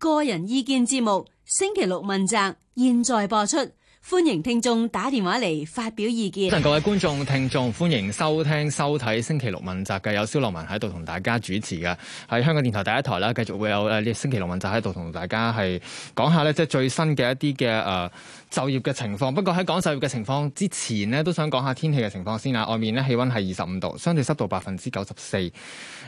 個人意見節目，星期六問責，現在播出。歡迎聽眾打電話嚟發表意見。早晨，各位觀眾聽眾，歡迎收聽收睇星期六問責嘅有蕭樂文喺度同大家主持嘅，喺香港電台第一台啦。繼續會有誒星期六問責喺度同大家係講下呢，即係最新嘅一啲嘅誒就業嘅情況。不過喺講就業嘅情況之前呢，都想講下天氣嘅情況先啦。外面呢，氣溫係二十五度，相對濕度百分之九十四。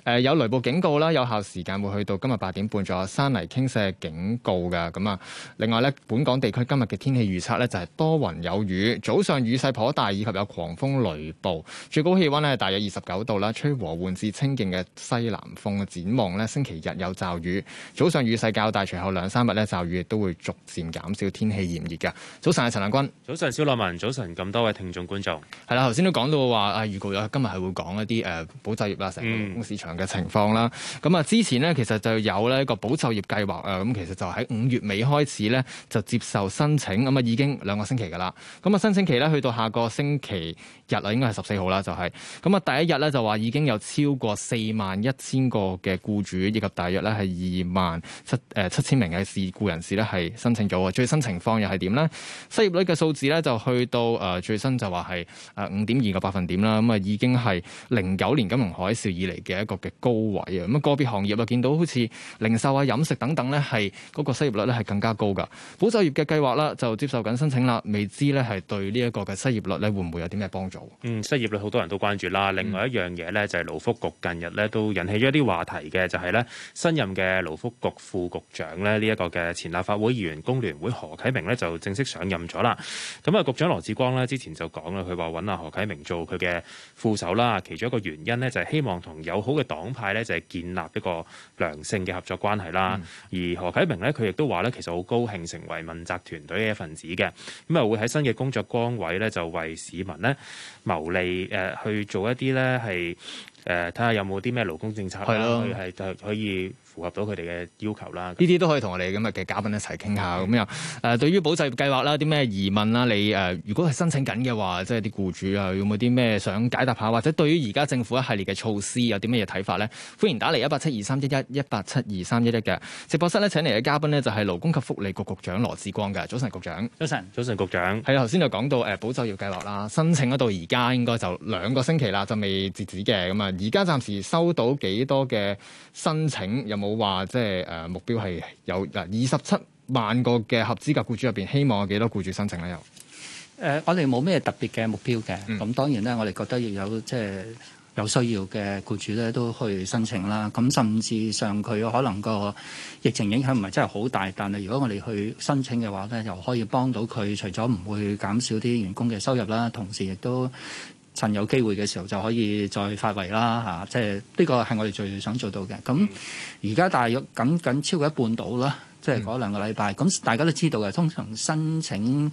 誒，有雷暴警告啦，有效時間會去到今日八點半咗。山泥傾瀉警告噶。咁啊，另外咧，本港地區今日嘅天氣預測咧就是，多雲有雨，早上雨勢頗大，以及有狂風雷暴。最高氣溫呢，大約二十九度啦，吹和緩至清勁嘅西南風。展望呢，星期日有驟雨，早上雨勢較大，隨後兩三日呢，驟雨都會逐漸減少，天氣炎熱嘅。早晨係陳亮君，早晨小樂文，早晨咁多位聽眾觀眾係啦，頭先都講到話啊，預告咗今日係會講一啲誒，保就業啦，成個市場嘅情況啦。咁啊、嗯，之前呢，其實就有呢一個保就業計劃啊，咁其實就喺五月尾開始呢，就接受申請，咁啊已經。兩個星期噶啦，咁啊申請期咧去到下個星期日啦，應該係十四號啦，就係咁啊！第一日咧就話已經有超過四萬一千個嘅僱主，以及大約咧係二萬七誒七千名嘅事故人士咧係申請咗。最新情況又係點呢？失業率嘅數字咧就去到誒、呃、最新就話係誒五點二個百分點啦。咁啊、嗯、已經係零九年金融海嘯以嚟嘅一個嘅高位啊。咁啊個別行業啊見到好似零售啊飲食等等咧係嗰個失業率咧係更加高噶。保就業嘅計劃啦就接受緊申請啦，未知咧係對呢一個嘅失業率咧會唔會有啲咩幫助？嗯，失業率好多人都關注啦。另外一樣嘢呢，就係勞福局近日呢都引起咗一啲話題嘅，就係咧新任嘅勞福局副局長呢。呢一個嘅前立法會議員工聯會何啟明呢，就正式上任咗啦。咁啊，局長羅致光呢，之前就講啦，佢話揾阿何啟明做佢嘅副手啦，其中一個原因呢，就係希望同友好嘅黨派呢，就係建立一個良性嘅合作關係啦。嗯，而何啟明呢，佢亦都話呢，其實好高興成為問責團隊嘅一份子嘅，咁啊會喺新嘅工作崗位呢，就為市民呢。牟利誒、呃、去做一啲咧係誒睇下有冇啲咩勞工政策啦，係係、就、可以。符合到佢哋嘅要求啦，呢啲都可以同我哋今日嘅嘉賓一齊傾下咁樣，誒的、嗯，對於保就業計劃啦，啲咩疑問啦？你誒、呃，如果係申請緊嘅話，即係啲僱主啊，有冇啲咩想解答下？或者對於而家政府一系列嘅措施，有啲咩嘢睇法咧？歡迎打嚟一八七二三一一一八七二三一一嘅直播室咧，請嚟嘅嘉賓咧就係、是、勞工及福利局局、局長羅致光嘅。早晨，局長早晨，早晨，局長。係頭先就講到誒保就業計劃啦，申請到而家應該就兩個星期啦，就未截止嘅咁啊。而家暫時收到幾多嘅申請？冇話即係誒目標係有嗱二十七萬個嘅合資格僱主入邊，希望有幾多僱主申請咧？又誒、呃，我哋冇咩特別嘅目標嘅。咁、嗯、當然咧，我哋覺得要有即係、呃、有需要嘅僱主咧，都去申請啦。咁甚至上佢可能個疫情影響唔係真係好大，但係如果我哋去申請嘅話咧，又可以幫到佢，除咗唔會減少啲員工嘅收入啦，同時亦都。趁有機會嘅時候就可以再發圍啦嚇，即係呢個係我哋最想做到嘅。咁而家大約僅僅超過一半度啦，即係嗰兩個禮拜。咁、嗯、大家都知道嘅，通常申請呢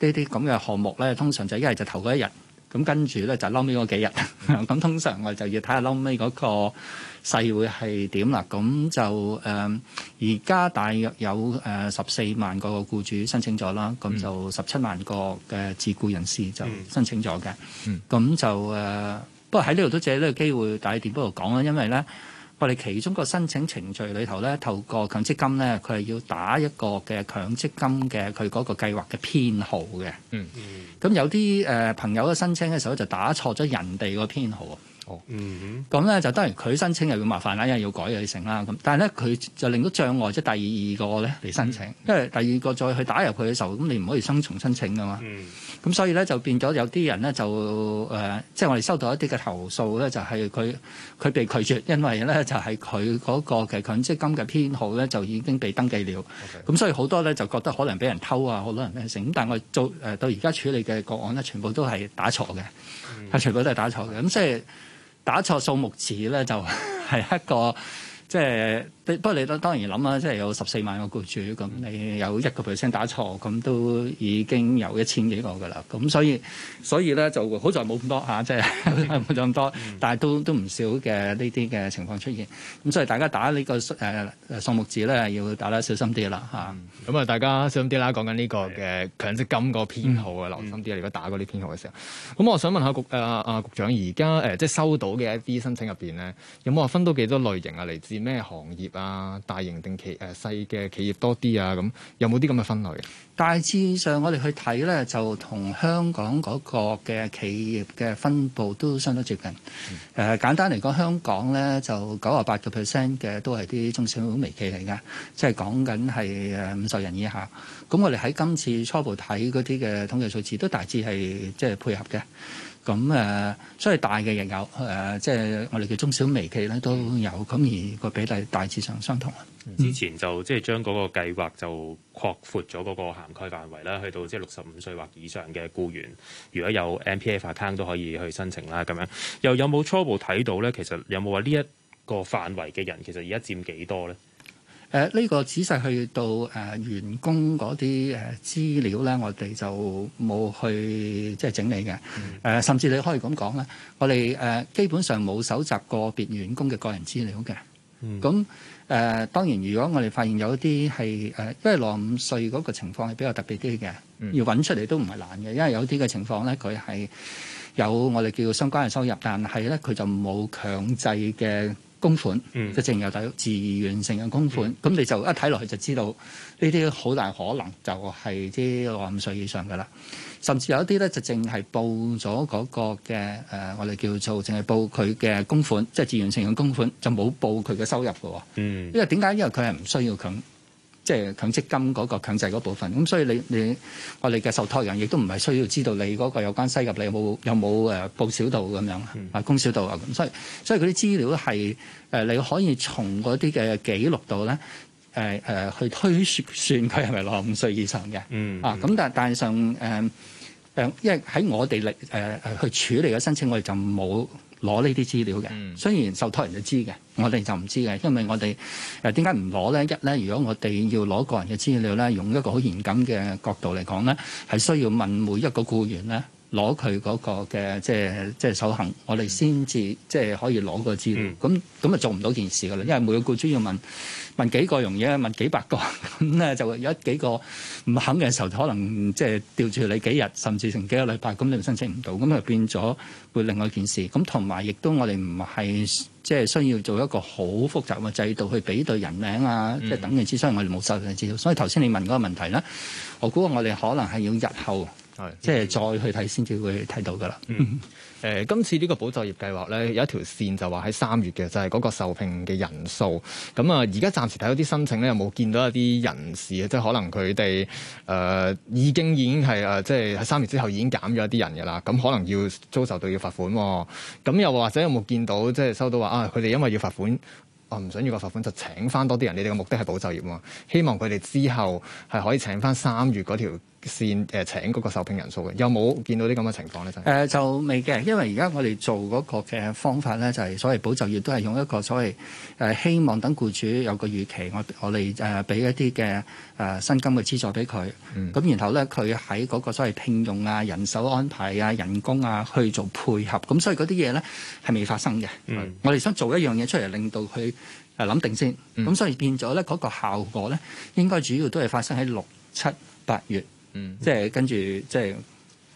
啲咁嘅項目咧，通常就一係就頭嗰一日。咁跟住咧就撈尾嗰幾日，咁 通常我就要睇下撈尾嗰個勢會係點啦。咁就誒，而、呃、家大約有誒十四萬個僱主申請咗啦，咁就十七萬個嘅自僱人士就申請咗嘅。咁、嗯、就誒、呃，不過喺呢度都借呢個機會，大點不如講啦，因為咧。我哋其中個申請程序裏頭呢，透過強積金呢，佢係要打一個嘅強積金嘅佢嗰個計劃嘅編號嘅。嗯、mm，咁、hmm. 有啲誒朋友嘅申請嘅時候就打錯咗人哋個編號。哦、嗯哼，咁咧就當然佢申請又要麻煩啦，因為要改嘢成啦咁。但係咧佢就令到障礙即係第二個咧嚟申請，嗯、哼因為第二個再去打入佢嘅時候，咁你唔可以生重申請噶嘛。嗯，咁所以咧就變咗有啲人咧就誒、呃，即係我哋收到一啲嘅投訴咧，就係佢佢被拒絕，因為咧就係佢嗰個嘅強積金嘅編號咧就已經被登記了。o 咁、嗯、哼所以好多咧就覺得可能俾人偷啊，好多人咧成咁。但係我做誒、呃、到而家處理嘅個案咧，全部都係打錯嘅，係、嗯、全部都係打錯嘅。咁即係。打錯數目字咧，就係一個即係。不過你當然諗啦，即係有十四萬個僱主，咁你有一個 percent 打錯，咁都已經有一千幾個㗎啦。咁所以所以咧就好在冇咁多吓，即係冇咁多，但係都都唔少嘅呢啲嘅情況出現。咁所以大家打呢個數誒數目字咧，要打得小心啲啦吓。咁啊，大家小心啲啦。講緊呢個嘅強積金個編號啊，留心啲啊。如果打嗰啲編號嘅時候，咁我想問下局啊啊局長，而家誒即係收到嘅一啲申請入邊咧，有冇話分到幾多類型啊？嚟自咩行業？啊！大型定企誒細嘅企業多啲啊？咁有冇啲咁嘅分類？大致上，我哋去睇咧，就同香港嗰個嘅企業嘅分佈都相當接近。誒、呃，簡單嚟講，香港咧就九啊八個 percent 嘅都係啲中小微，微企嚟嘅，即係講緊係誒五十人以下。咁我哋喺今次初步睇嗰啲嘅統計數字，都大致係即係配合嘅。咁誒，所以大嘅亦有誒，即係我哋嘅中小微企咧都有，咁而個比例大致上相同。之前就即係將嗰個計劃就擴闊咗嗰個涵蓋範圍啦，去到即係六十五歲或以上嘅僱員，如果有 M P F account 都可以去申請啦。咁樣又有冇初步睇到咧？其實有冇話呢一個範圍嘅人其實而家佔幾多咧？誒呢個仔細去到誒員工嗰啲誒資料咧，我哋就冇去即係整理嘅。誒甚至你可以咁講咧，我哋誒基本上冇搜集個別員工嘅個人資料嘅。咁誒當然，如果我哋發現有啲係誒，因為落五歲嗰個情況係比較特別啲嘅，要揾出嚟都唔係難嘅，因為有啲嘅情況咧，佢係有我哋叫相關嘅收入，但係咧佢就冇強制嘅。供款，就淨、嗯、有睇自願性嘅供款，咁、嗯、你就一睇落去就知道呢啲好大可能就係啲六十五歲以上嘅啦，甚至有一啲咧就淨係報咗嗰個嘅誒、呃，我哋叫做淨係報佢嘅供款，即係自願性嘅供款，就冇報佢嘅收入嘅、嗯，因為點解？因為佢係唔需要咁。即係強積金嗰個強制嗰部分，咁所以你你我哋嘅受託人亦都唔係需要知道你嗰個有關收入，你有冇有冇誒、啊、報少到咁樣啊，公少到啊，咁所以所以啲資料係誒、呃、你可以從嗰啲嘅記錄度咧誒誒去推算算佢係咪六十五歲以上嘅、嗯嗯、啊？咁但但係上誒誒、呃，因為喺我哋嚟誒去處理嘅申請，我哋就冇。攞呢啲資料嘅，雖然受託人就知嘅，我哋就唔知嘅，因為我哋誒點解唔攞咧？一咧，如果我哋要攞個人嘅資料咧，用一個好嚴謹嘅角度嚟講咧，係需要問每一個僱員咧。攞佢嗰個嘅即係即係首肯，我哋先至即係可以攞個資料。咁咁啊做唔到件事㗎喇，因為每個僱主要問問幾個容易，問幾百個咁咧， 就有一幾個唔肯嘅時候，可能即係吊住你幾日，甚至成幾個禮拜，咁你申請唔到，咁啊變咗會另外一件事。咁同埋亦都我哋唔係即係需要做一個好複雜嘅制度去比對人名啊，嗯、即係等之所以我哋冇收到資料。所以頭先你問嗰個問題咧，我估我哋可能係要日後。係，即係再去睇先至會睇到噶啦。誒、嗯呃，今次呢個保就業計劃咧，有一條線就話喺三月嘅，就係、是、嗰個受聘嘅人數。咁、嗯、啊，而家暫時睇到啲申請咧，有冇見到一啲人士啊？即係可能佢哋誒已經已經係誒，即係喺三月之後已經減咗一啲人噶啦。咁可能要遭受到要罰款、啊。咁、嗯、又或者有冇見到即係收到話啊？佢哋因為要罰款，我、啊、唔想要個罰款，就請翻多啲人。你哋嘅目的係保就業喎，希望佢哋之後係可以請翻三月嗰條。善誒、呃、請嗰個受聘人數嘅有冇見到啲咁嘅情況咧、呃？就誒就未嘅，因為而家我哋做嗰個嘅方法咧，就係、是、所謂保就業都係用一個所謂誒、呃、希望等僱主有個預期，我我哋誒俾一啲嘅誒薪金嘅資助俾佢，咁、嗯、然後咧佢喺嗰個所謂聘用啊、人手安排啊、人工啊去做配合，咁所以嗰啲嘢咧係未發生嘅。嗯、我哋想做一樣嘢出嚟，令到佢誒諗定先，咁、嗯、所以變咗咧嗰個效果咧，應該主要都係發生喺六七八月。即係跟住，即係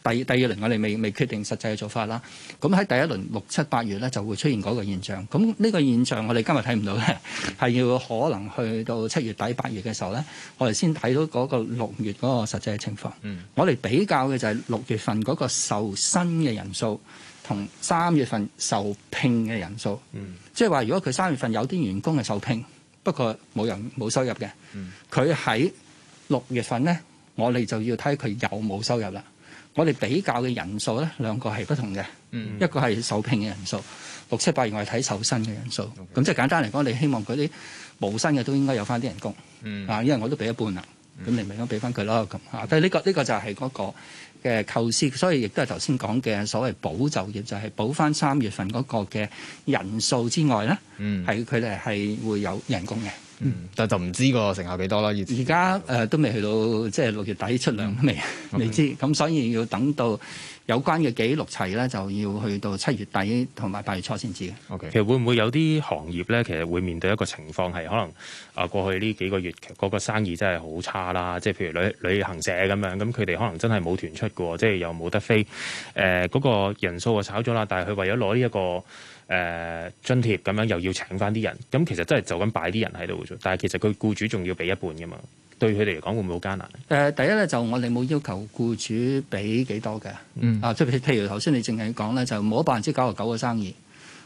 第第二輪我哋未未決定實際嘅做法啦。咁喺第一輪六七八月咧，就會出現嗰個現象。咁呢個現象我哋今日睇唔到咧，係要可能去到七月底八月嘅時候咧，我哋先睇到嗰個六月嗰個實際嘅情況。嗯，我哋比較嘅就係六月份嗰個受薪嘅人數同三月份受聘嘅人數。嗯，即係話如果佢三月份有啲員工係受聘，不過冇人冇收入嘅。佢喺、嗯、六月份咧。我哋就要睇佢有冇收入啦。我哋比較嘅人數咧，兩個係不同嘅。Mm hmm. 一個係受聘嘅人數，六七八月我係睇受薪嘅人數。咁 Okay. 即係簡單嚟講，你希望嗰啲冇薪嘅都應該有翻啲人工。啊、mm，hmm. 因為我都俾一半啦，咁你咪咁俾翻佢咯。咁啊、mm，hmm. 但係、這、呢個呢、這個就係嗰個嘅構思，所以亦都係頭先講嘅所謂保就業，就係保翻三月份嗰個嘅人數之外咧，係佢哋係會有人工嘅。嗯，但就唔知個成效幾多啦。而而家誒都未去到，即係六月底出糧都未，Okay. 未知。咁所以要等到有關嘅記錄齊咧，就要去到七月底同埋八月初先知嘅。OK，其實會唔會有啲行業咧，其實會面對一個情況係可能啊過去呢幾個月嗰個生意真係好差啦。即係譬如旅旅行社咁樣，咁佢哋可能真係冇團出嘅喎，即係又冇得飛。誒、呃、嗰個人數啊炒咗啦，但係佢為咗攞呢一個。誒津貼咁樣又要請返啲人，咁其實真係就咁擺啲人喺度啫。但係其實佢僱主仲要俾一半噶嘛，對佢哋嚟講會唔會好艱難？誒、呃，第一咧就我哋冇要求僱主俾幾多嘅。嗯、啊，即係譬如頭先你淨係講咧，就冇百分之九十九嘅生意，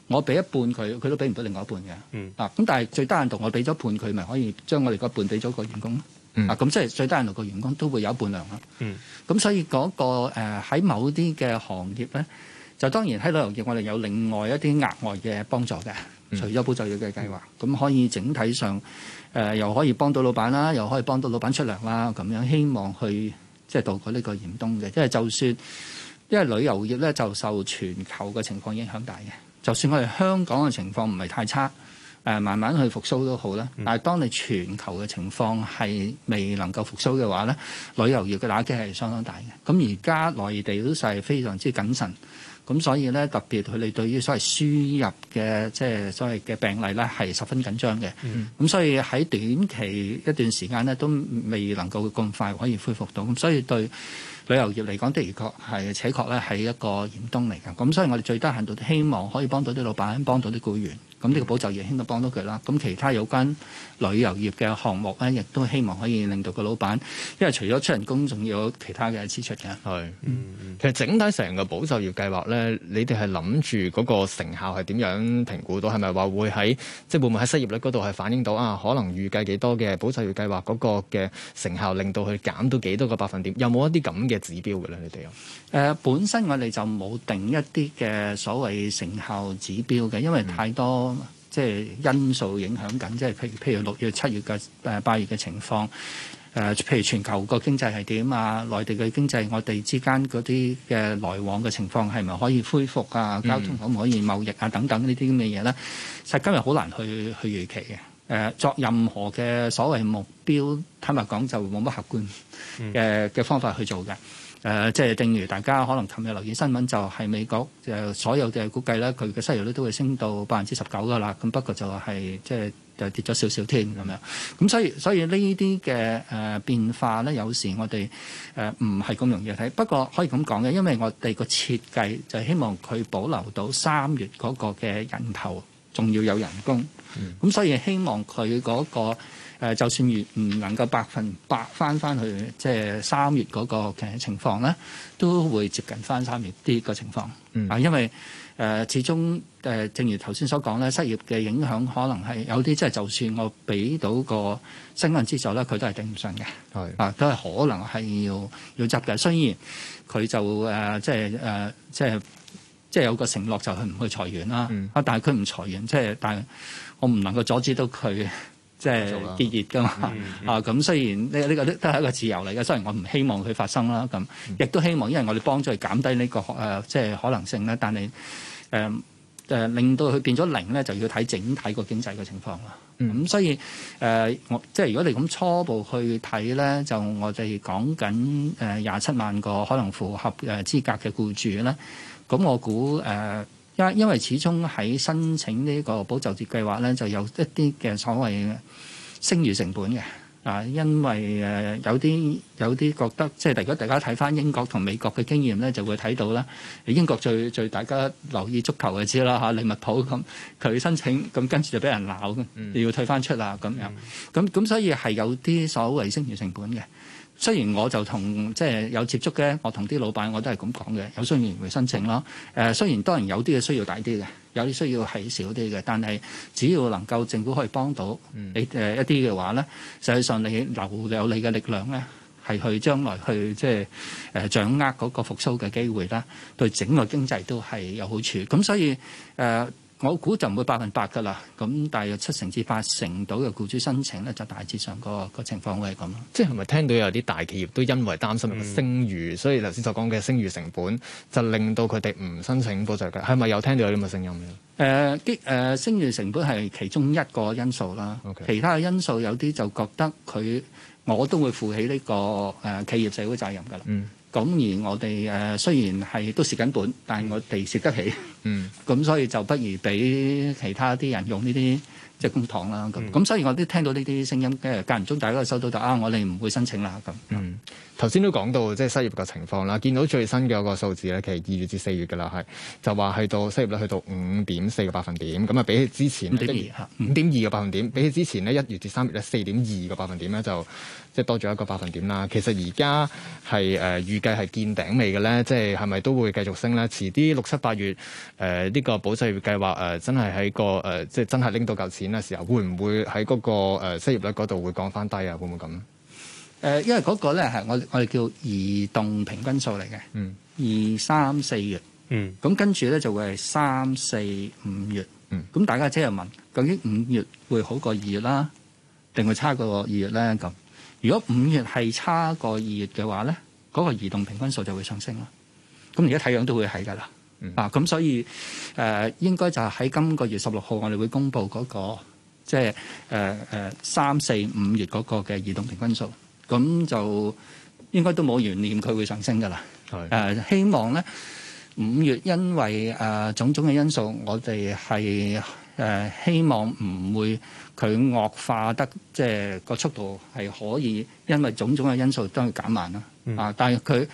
我俾一半佢，佢都俾唔到另外一半嘅，嗯、啊，咁但係最低限度我俾咗半佢，咪可以將我哋嗰半俾咗個員工，嗯、啊，咁即係最低限度個員工都會有一半糧。啦、嗯，咁、啊、所以嗰、嗰個喺、呃、某啲嘅行業咧。呢就當然喺旅遊業，我哋有另外一啲額外嘅幫助嘅，除咗保就業嘅計劃，咁、嗯、可以整體上誒、呃、又可以幫到老闆啦，又可以幫到老闆出糧啦，咁樣希望去即係度過呢個嚴冬嘅。因為就算因為旅遊業咧就受全球嘅情況影響大嘅，就算我哋香港嘅情況唔係太差，誒、呃、慢慢去復甦都好啦。嗯、但係當你全球嘅情況係未能夠復甦嘅話咧，旅遊業嘅打擊係相當大嘅。咁而家內地都係非常之謹慎。咁所以咧，特別佢哋對於所謂輸入嘅，即係所謂嘅病例咧，係十分緊張嘅。咁、嗯、所以喺短期一段時間咧，都未能夠咁快可以恢復到。咁所以對旅遊業嚟講，的確係且確咧係一個嚴冬嚟㗎。咁所以我哋最低限度都希望可以幫到啲老闆，幫到啲僱員。咁呢、嗯、個保就業兄都幫到佢啦。咁其他有關旅遊業嘅項目咧，亦都希望可以令到個老闆，因為除咗出人工，仲有其他嘅支出嘅。係是，嗯，其實整體成個保就業計劃咧，你哋係諗住嗰個成效係點樣評估到？係咪話會喺即係會唔會喺失業率嗰度係反映到啊？可能預計幾多嘅保就業計劃嗰個嘅成效，令到佢減到幾多個百分點？有冇一啲咁嘅指標嘅咧？你哋？誒、呃，本身我哋就冇定一啲嘅所謂成效指標嘅，因為太多、嗯。即係因素影響緊，即係譬如譬如六月、七月嘅、誒八月嘅情況誒、呃，譬如全球個經濟係點啊，內地嘅經濟，我哋之間嗰啲嘅來往嘅情況係咪可以恢復啊？交通可唔可以貿易啊？等等呢啲咁嘅嘢咧，其實今日好難去去預期嘅誒、呃，作任何嘅所謂目標，坦白講就冇乜客觀誒嘅、嗯、方法去做嘅。誒、呃，即係正如大家可能琴日留意新聞，就係美國誒所有嘅估計咧，佢嘅失業率都都會升到百分之十九㗎喇。咁不過就係、是、即係就跌咗少少添咁樣。咁所以所以呢啲嘅誒變化咧，有時我哋誒唔係咁容易睇。不過可以咁講嘅，因為我哋個設計就希望佢保留到三月嗰個嘅人頭。仲要有人工，咁、嗯、所以希望佢嗰、那個誒、呃，就算如唔能夠百分百翻翻去，即係三月嗰個嘅情況咧，都會接近翻三月啲個情況。啊、嗯，因為誒、呃、始終誒、呃、正如頭先所講咧，失業嘅影響可能係有啲，即係就算、是、我俾到個薪金資助咧，佢都係頂唔順嘅，係是的 啊，都係可能係要要執嘅。雖然佢就誒、呃、即係誒、呃、即係。呃即即係有個承諾，就係唔去裁員啦。啊、嗯，但係佢唔裁員，即、就、係、是、但係我唔能夠阻止到佢即係結業㗎嘛。嗯嗯、啊，咁雖然呢呢、這個這個都都係一個自由嚟嘅，雖然我唔希望佢發生啦。咁亦都希望，因為我哋幫助佢減低呢、這個誒即係可能性咧。但係誒誒令到佢變咗零咧，就要睇整體個經濟嘅情況啦。咁、嗯嗯、所以誒、呃，即係如果你咁初步去睇咧，就我哋講緊誒廿七萬個可能符合誒資格嘅僱主咧。咁我估誒，因、呃、因為始終喺申請個保就計劃，呢個保就業計劃咧，就有一啲嘅所謂聲譽成本嘅。啊、呃，因為誒、呃、有啲有啲覺得，即係如果大家睇翻英國同美國嘅經驗咧，就會睇到啦。英國最最大家留意足球就知啦嚇、啊，利物浦咁佢申請，咁跟住就俾人鬧，要退翻出啦咁樣。咁咁、嗯嗯、所以係有啲所謂聲譽成本嘅。雖然我就同即係有接觸嘅，我同啲老闆我都係咁講嘅，有需要會申請咯。誒、呃，雖然當然有啲嘅需要大啲嘅，有啲需要係少啲嘅，但係只要能夠政府可以幫到你誒一啲嘅話咧，實際上你留有你嘅力量咧，係去將來去即係誒、呃、掌握嗰個復甦嘅機會啦，對整個經濟都係有好處。咁所以誒、呃我估就唔會百分百噶啦，咁大約七成至八成到嘅雇主申請咧，就大致上個、那個情況會係咁。即係咪聽到有啲大企業都因為擔心個聲譽，嗯、所以頭先所講嘅聲譽成本就令到佢哋唔申請補救嘅？係咪有聽到有啲咁嘅聲音咧？誒、呃，啲誒聲譽成本係其中一個因素啦。Okay. 其他嘅因素有啲就覺得佢我都會負起呢、這個誒、呃、企業社會責任噶啦。嗯。咁而我哋誒雖然係都蝕緊本，但係我哋蝕得起。嗯，咁 所以就不如俾其他啲人用呢啲即公帑啦。咁咁、嗯、所以我都聽到呢啲聲音，誒間唔中大家都收到就啊，我哋唔會申請啦。咁、嗯，頭先都講到即、係、失業嘅情況啦，見到最新嘅一個數字咧，其實二月至四月嘅啦，係就話去到失業率去到五點四個百分點，咁啊比起之前五點二，五點二個百分點，比起之前呢一月至三月咧四點二個百分點咧就。即係多咗一個百分點啦。其實而家係誒預計係見頂未嘅咧，即係係咪都會繼續升咧？遲啲六七八月誒呢、呃呢個保就業計劃誒、呃，真係喺個誒、呃、即係真係拎到嚿錢嘅時候，會唔會喺嗰個失業率嗰度會降翻低啊？會唔會咁？誒、呃，因為嗰個咧係我我哋叫移動平均數嚟嘅，嗯，二三四月，嗯，咁跟住咧就會係三四五月，嗯，咁大家即係問究竟五月會好過二月啦，定會差過二月咧？咁？如果五月係差過二月嘅話咧，嗰、那個移動平均數就會上升咯。咁而家睇樣都會係噶啦，嗯、啊咁所以誒、呃、應該就係喺今個月十六號我哋會公布嗰、那個即係誒誒三四五月嗰個嘅移動平均數，咁就應該都冇懸念佢會上升噶啦。誒係、啊、希望咧五月因為誒、呃、種種嘅因素，我哋係。誒希望唔會佢惡化得即係、就是、個速度係可以，因為種種嘅因素都將佢減慢啦。啊、嗯，但係佢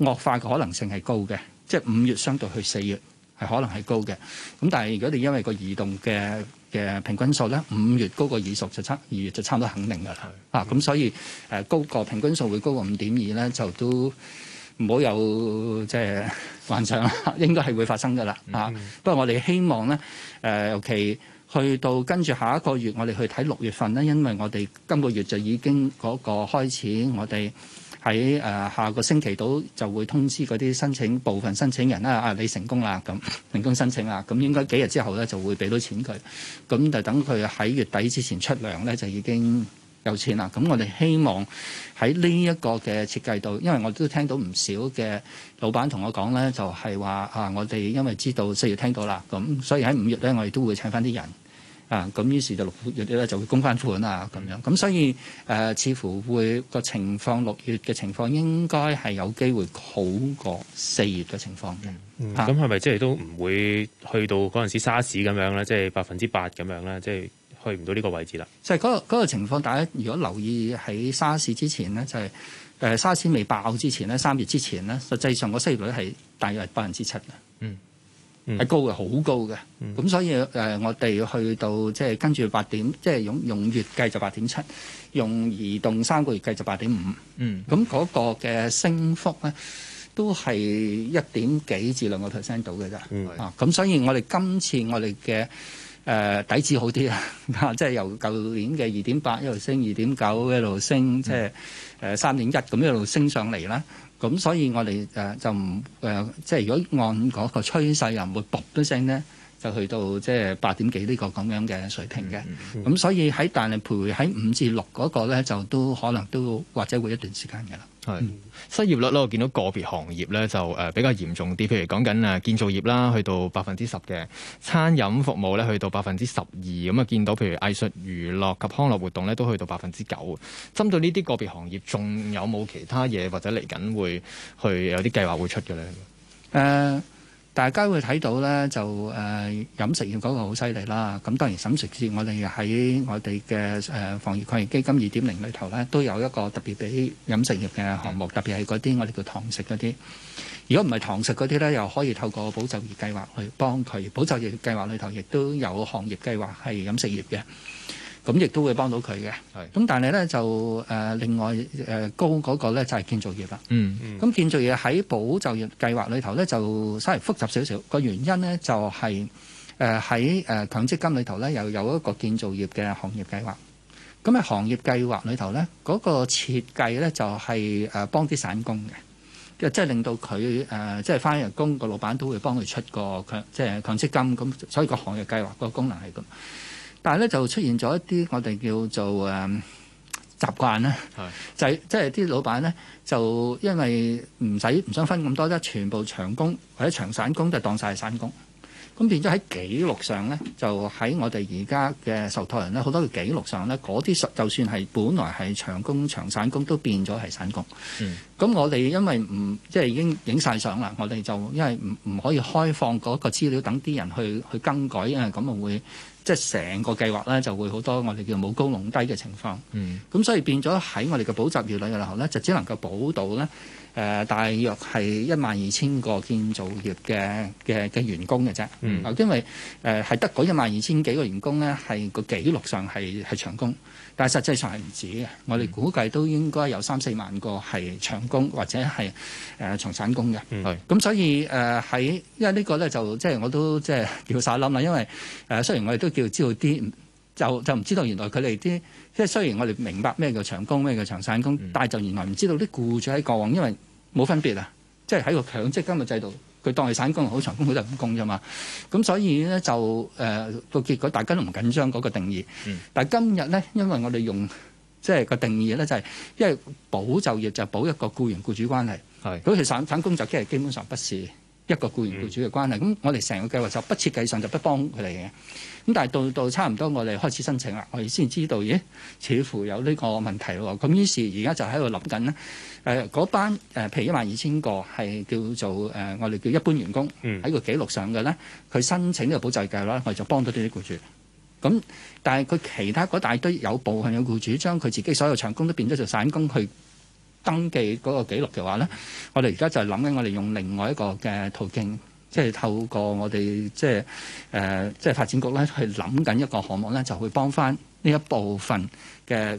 惡化嘅可能性係高嘅，即係五月相對去四月係可能係高嘅。咁但係如果你因為個移動嘅嘅平均數咧，五月高過二十，就差二月就差唔多肯定㗎喇。嗯、啊，咁所以誒高個平均數會高過五點二咧，就都。唔好有即係、就是、幻想啦，應該係會發生噶啦嚇。不過我哋希望咧，誒、呃、尤其去到跟住下一個月，我哋去睇六月份咧，因為我哋今個月就已經嗰個開始，我哋喺誒下個星期度就會通知嗰啲申請部分申請人啦。啊，你成功啦咁，成功申請啦，咁應該幾日之後咧就會俾到錢佢，咁就等佢喺月底之前出糧咧，就已經。有錢啦，咁我哋希望喺呢一個嘅設計度，因為我都聽到唔少嘅老闆同我講咧，就係、是、話啊，我哋因為知道四月聽到啦，咁所以喺五月咧，我哋都會請翻啲人啊，咁於是就六月咧就會供翻款啊，咁樣，咁所以誒、呃，似乎會個情況六月嘅情況應該係有機會好過四月嘅情況嘅，咁係咪即係都唔會去到嗰陣時沙士咁樣咧，即係百分之八咁樣咧，即、就、係、是？去唔到呢個位置啦，就係嗰個情況。大家如果留意喺沙士之前呢，就係誒沙士未爆之前呢，三月之前呢，實際上個失業率係大約係百分之七嘅，嗯，係高嘅，好高嘅。咁、嗯、所以誒、呃，我哋去到即係、就是、跟住八點，即、就、係、是、用用月計就八點七，用移動三個月計就八點五。嗯，咁嗰個嘅升幅咧都係一點幾至兩個 percent 到嘅啫。嗯、是啊，咁所以我哋今次我哋嘅。誒、呃、底子好啲啊！ 即係由舊年嘅二點八一路升二點九一路升，升嗯、即係誒三點一咁一路升上嚟啦。咁、嗯、所以我哋誒就唔誒、呃，即係如果按嗰個趨勢又唔會卜都升呢，就去到即係八點幾呢個咁樣嘅水平嘅。咁、嗯嗯、所以喺但係徘徊喺五至六嗰個咧，就都可能都或者會一段時間嘅啦。係，失業率咧，我見到個別行業咧就誒比較嚴重啲，譬如講緊誒建造業啦，去到百分之十嘅；餐飲服務咧，去到百分之十二。咁啊，見到譬如藝術娛樂及康樂活動咧，都去到百分之九。針對呢啲個別行業，仲有冇其他嘢或者嚟緊會去有啲計劃會出嘅咧？誒、uh。大家會睇到呢就誒、呃、飲食業嗰個好犀利啦。咁當然沈，審食資我哋喺我哋嘅誒防疫抗疫基金二點零裏頭呢，都有一個特別俾飲食業嘅項目，特別係嗰啲我哋叫堂食嗰啲。如果唔係堂食嗰啲呢，又可以透過保就業計劃去幫佢。保就業計劃裏頭亦都有行業計劃係飲食業嘅。咁亦都會幫到佢嘅，咁是但係咧就誒、呃、另外誒、呃、高嗰個咧就係建造業啦、嗯。嗯嗯。咁建造業喺保就業計劃裏頭咧就稍微複雜少少，個原因咧就係誒喺誒強積金裏頭咧又有一個建造業嘅行業計劃。咁喺行業計劃裏頭咧嗰、那個設計咧就係誒幫啲散工嘅，即、就、係、是、令到佢誒即係返完工個老闆都會幫佢出個強即係、就是、強積金。咁所以個行業計劃個功能係咁。但係咧就出現咗一啲我哋叫做誒、嗯、習慣啦係、就係，就即係啲老闆咧就因為唔使唔想分咁多啫，全部長工或者長散工就當曬係散工。咁變咗喺記錄上呢，就喺我哋而家嘅受託人呢，好多嘅記錄上呢，嗰啲就算係本來係長工長散工，都變咗係散工。嗯。咁我哋因為唔即係已經影晒相啦，我哋就因為唔唔可以開放嗰個資料，等啲人去去更改啊，咁就會即係成個計劃呢就會好多我哋叫冇高冇低嘅情況。嗯。咁所以變咗喺我哋嘅補習業內嘅時候咧，就只能夠補到呢。誒大約係一萬二千個建造業嘅嘅嘅員工嘅啫，嗯，因為誒係得嗰一萬二千幾個員工咧，係個記錄上係係長工，但係實際上係唔止嘅。我哋估計都應該有三四萬個係長工或者係誒長散工嘅。係咁所以誒喺因為呢個咧就即係我都即係叫晒冧啦。因為誒雖然我哋都叫知道啲，就就唔知道原來佢哋啲，即係雖然我哋明白咩叫長工咩叫長散工，但係就原來唔知道啲僱主喺過往因為。冇分別啦，即係喺個強積金嘅制度，佢當係散工好長工好就唔供啫嘛，咁所以咧就誒個、呃、結果大家都唔緊張嗰個定義，嗯、但係今日咧，因為我哋用即係個定義咧就係，因為保就業就保、是、一個僱員僱主關係，咁其實散散工就基係基本上不是一個僱員僱主嘅關係，咁我哋成個計劃就不設計上就不幫佢哋嘅。咁但係到到差唔多我哋開始申請啦，我哋先知道咦、哎，似乎有呢個問題喎。咁於是而家就喺度諗緊咧，誒、呃、嗰班誒譬、呃、如一萬二千個係叫做誒、呃、我哋叫一般員工喺個記錄上嘅咧，佢申請呢個補助計劃咧，我哋就幫到呢啲僱主。咁但係佢其他嗰大堆有部分嘅僱主，將佢自己所有長工都變咗做散工去。登記嗰個記錄嘅話咧，我哋而家就係諗緊，我哋用另外一個嘅途徑，即係透過我哋即係誒，即係、呃、發展局咧，去諗緊一個項目咧，就會幫翻呢一部分嘅誒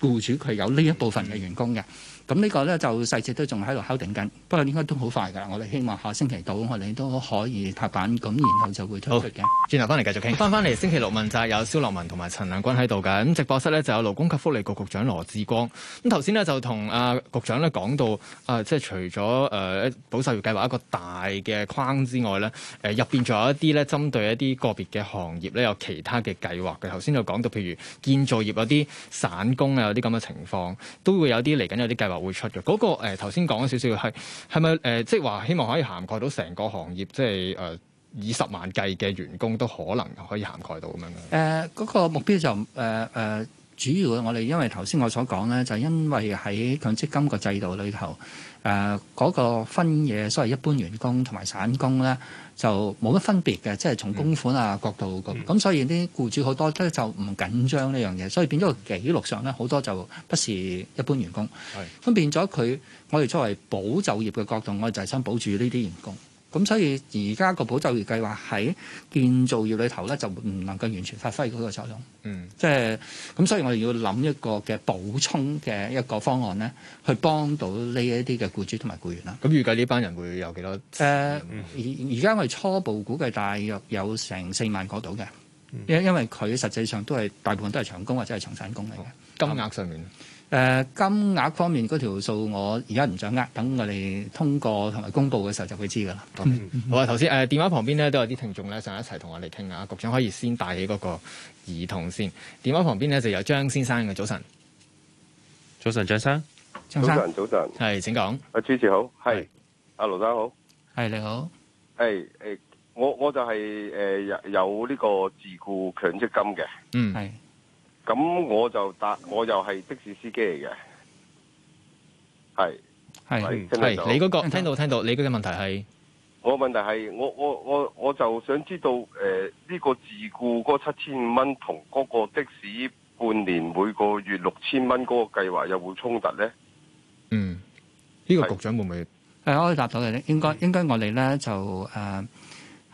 僱主，佢有呢一部分嘅員工嘅。咁呢個咧就細節都仲喺度敲定緊，不過應該都好快㗎喇。我哋希望下星期到，我哋都可以拍板，咁然後就會推出嘅。轉頭翻嚟繼續傾，翻翻嚟星期六問責有蕭立文同埋陳亮軍喺度㗎。咁直播室咧就有勞工及福利局局長羅致光。咁頭先呢，就同啊局長咧講到啊、呃，即係除咗誒保就業計劃一個大嘅框之外咧，誒入邊仲有一啲咧針對一啲個別嘅行業咧有其他嘅計劃嘅。頭先就講到譬如建造業有啲散工啊，有啲咁嘅情況，都會有啲嚟緊有啲計劃。會出嘅嗰、那個誒，頭先講咗少少係係咪誒，即係話希望可以涵蓋到成個行業，即係誒、呃、以十萬計嘅員工都可能可以涵蓋到咁樣嘅。誒、呃，嗰、那個目標就誒誒。呃呃主要我哋因為頭先我所講咧，就係、因為喺強積金個制度裏頭誒、呃、那個分嘢，所謂一般員工同埋散工咧，就冇乜分別嘅，即係從供款啊角度咁、嗯、所以啲僱主好多都就唔緊張呢樣嘢，所以變咗記錄上咧好多就不是一般員工，咁是變咗佢，我哋作為保就業嘅角度，我哋就係想保住呢啲員工。咁所以而家個保就業計劃喺建造業裏頭咧，就唔能夠完全發揮佢個作用嗯、就是。嗯，即係咁，所以我哋要諗一個嘅補充嘅一個方案咧，去幫到呢一啲嘅僱主同埋僱員啦。咁預計呢班人會有幾多？誒、呃，而而家我哋初步估計大約有成四萬個度嘅，因、嗯、因為佢實際上都係大部分都係長工或者係長產工嚟嘅，金額上面。誒、呃、金額方面嗰條數，我而家唔掌握，等我哋通過同埋公佈嘅時候就會知噶啦。 好啊，頭先誒電話旁邊咧都有啲聽眾咧，想一齊同我哋傾下。局長可以先帶起嗰個議題先。電話旁邊咧就有張先生嘅早，早，早晨，早晨張生，早晨早晨，係請講。啊主持好，係阿羅生好，係你好，係誒我我，我就係、是、誒、呃、有呢個自雇強積金嘅，嗯係。咁我就答，我又係的士司機嚟嘅，係係係你嗰個聽到， 聽到聽到，你嗰個問題係我問題係我我我我就想知道誒呢、呃這個自雇嗰七千五蚊同嗰個的士半年每個月六千蚊嗰個計劃有冇衝突咧？嗯、呢、這個局長會唔會？係可以答到你咧，應該應該我哋咧就誒。呃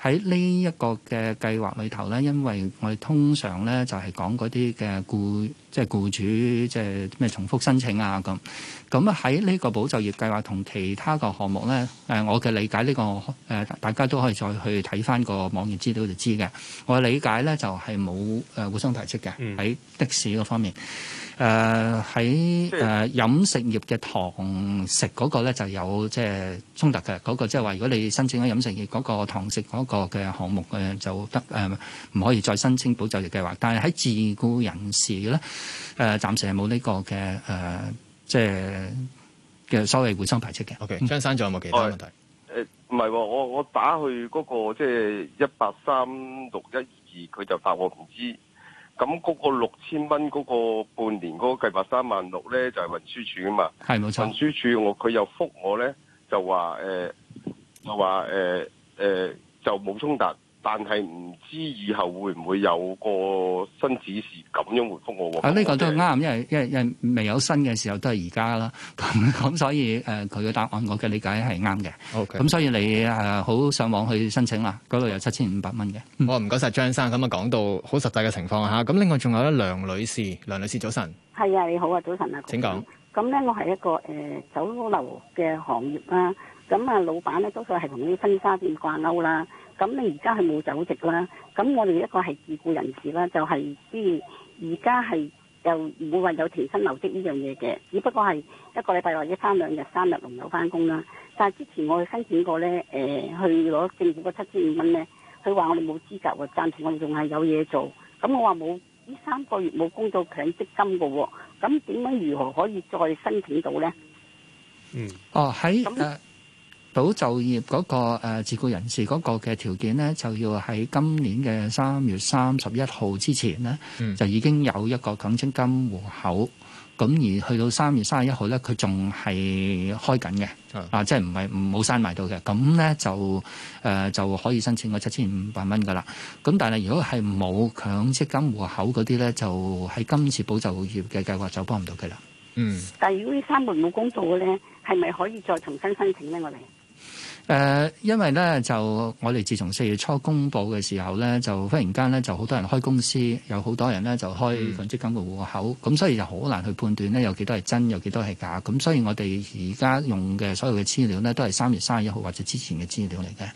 喺呢一個嘅計劃裏頭咧，因為我哋通常咧就係講嗰啲嘅故。即係僱主，即係咩重複申請啊，咁咁啊，喺呢個保就業計劃同其他嘅項目咧，誒我嘅理解呢、這個誒、呃、大家都可以再去睇翻個網頁資料就知嘅。我嘅理解咧就係冇誒互相排斥嘅。喺的士嗰方面，誒喺誒飲食業嘅堂食嗰個咧就有即係、就是、衝突嘅嗰、那個，即係話如果你申請咗飲食業嗰個堂食嗰個嘅項目嘅就得誒唔、呃、可以再申請保就業計劃，但係喺自僱人士咧。誒，暫、呃、時係冇呢個嘅誒、呃，即係嘅所謂回生排斥嘅。OK，張生仲有冇其他問題？誒、哎、唔、呃、係，我我打去嗰、那個即係一八三六一二，二、就是，佢就答我唔知。咁嗰個六千蚊嗰個半年嗰個計劃三萬六咧，就係運輸處噶嘛？係冇錯。運輸處我佢又覆我咧，就話誒、呃呃，就話誒誒，就冇衝突。但係唔知以後會唔會有個新指示咁樣回覆我？啊，呢個都啱，因為因為因為未有新嘅時候都係而家啦。咁所以誒，佢嘅答案我嘅理解係啱嘅。OK。咁所以你誒好上網去申請啦，嗰度有七千五百蚊嘅。我唔該晒張生咁啊，講到好實際嘅情況嚇。咁另外仲有咧，梁女士，梁女士早晨。係啊，你好啊，早晨啊。請講。咁咧，我係一個誒酒樓嘅行業啦。咁啊，老闆咧多數係同啲婚紗店掛鈎啦。咁你而家係冇走值啦，咁我哋一個係自雇人士啦，就係即係而家係又唔會話有停薪留職呢樣嘢嘅，只不過係一個禮拜或者三兩日、三日輪流翻工啦。但係之前我申請過呢，誒、呃、去攞政府嗰七千五蚊呢，佢話我哋冇資格喎，暫時我哋仲係有嘢做。咁我話冇呢三個月冇供到強積金嘅喎，咁點樣如何可以再申請到呢？嗯，哦喺那保就業嗰，那個、呃、自僱人士嗰個嘅條件咧，就要喺今年嘅三月三十一號之前咧，嗯、就已經有一個強積金戶口，咁而去到三月三十一號咧，佢仲係開緊嘅，是啊，即係唔係冇閂埋到嘅，咁咧就誒、呃、就可以申請個七千五百蚊噶啦。咁但係如果係冇強積金戶口嗰啲咧，就喺今次保就業嘅計劃就幫唔到佢啦。嗯。但係如果三呢三月冇工做嘅咧，係咪可以再重新申請呢？我哋？誒，uh, 因為咧就我哋自從四月初公布嘅時候咧，就忽然間咧就好多人開公司，有好多人咧就開份積金嘅戶口，咁所以就好難去判斷咧有幾多係真，有幾多係假，咁所以我哋而家用嘅所有嘅資料呢，都係三月三十一號或者之前嘅資料嚟嘅。